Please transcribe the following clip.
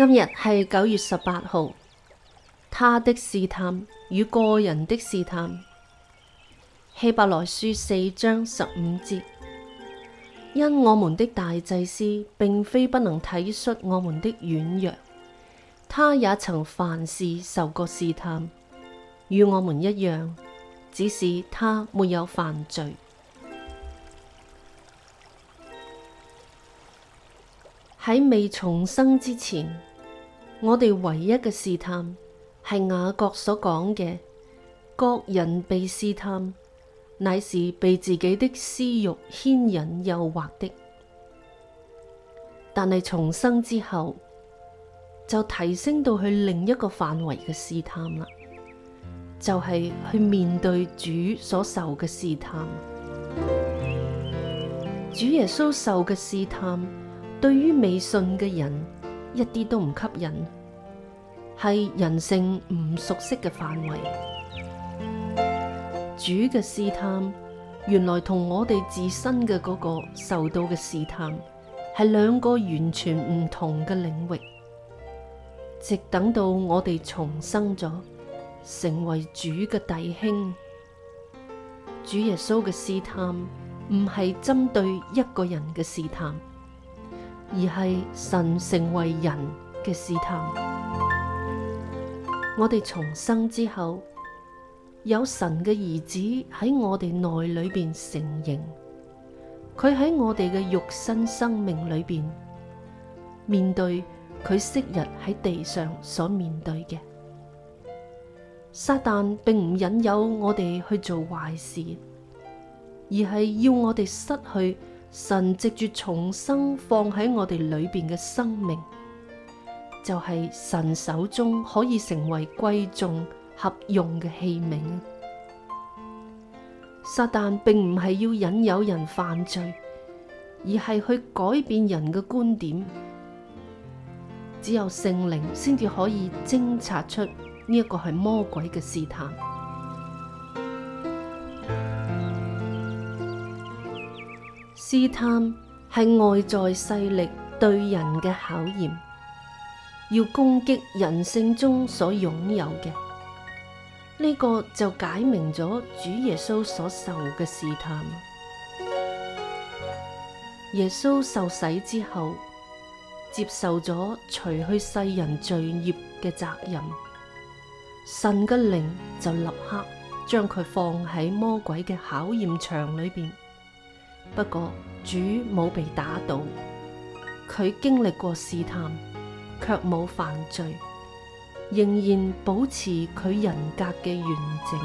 今日係九月十八號。他的試探與個人的試探，希伯來書四章十五節。因我們的大祭司並非不能體恤我們的軟弱，他也曾凡事受過試探，與我們一樣，只是他沒有犯罪。喺未重生之前。我哋唯一嘅試探係雅各所講嘅，各人被試探，乃是被自己的私慾牽引誘惑的。但係重生之後，就提升到去另一個範圍嘅試探啦，就係去面對主所受嘅試探。主耶穌受嘅試探，對於未信嘅人。一啲都唔吸引，係人性唔熟悉嘅範圍。主嘅試探，原來同我哋自身嘅嗰個受到嘅試探，係兩個完全唔同嘅領域。直等到我哋重生咗，成為主嘅弟兄。主耶穌嘅試探，唔係針對一個人嘅試探。而係神成為人嘅試探。我哋重生之後，有神嘅兒子喺我哋內裏邊成形，佢喺我哋嘅肉身生命裏邊，面對佢昔日喺地上所面對嘅撒旦，並唔引誘我哋去做壞事，而係要我哋失去。神藉住重生放喺我哋裏邊嘅生命，就係、是、神手中可以成為貴重合用嘅器皿。撒旦並唔係要引誘人犯罪，而係去改變人嘅觀點。只有聖靈先至可以偵察出呢一個係魔鬼嘅試探。試探係外在勢力對人嘅考驗，要攻擊人性中所擁有嘅。呢個就解明咗主耶穌所受嘅試探。耶穌受洗之後，接受咗除去世人罪孽嘅責任，神嘅靈就立刻將佢放喺魔鬼嘅考驗場裏邊。不過，主冇被打倒，佢經歷過試探，卻冇犯罪，仍然保持佢人格嘅完整。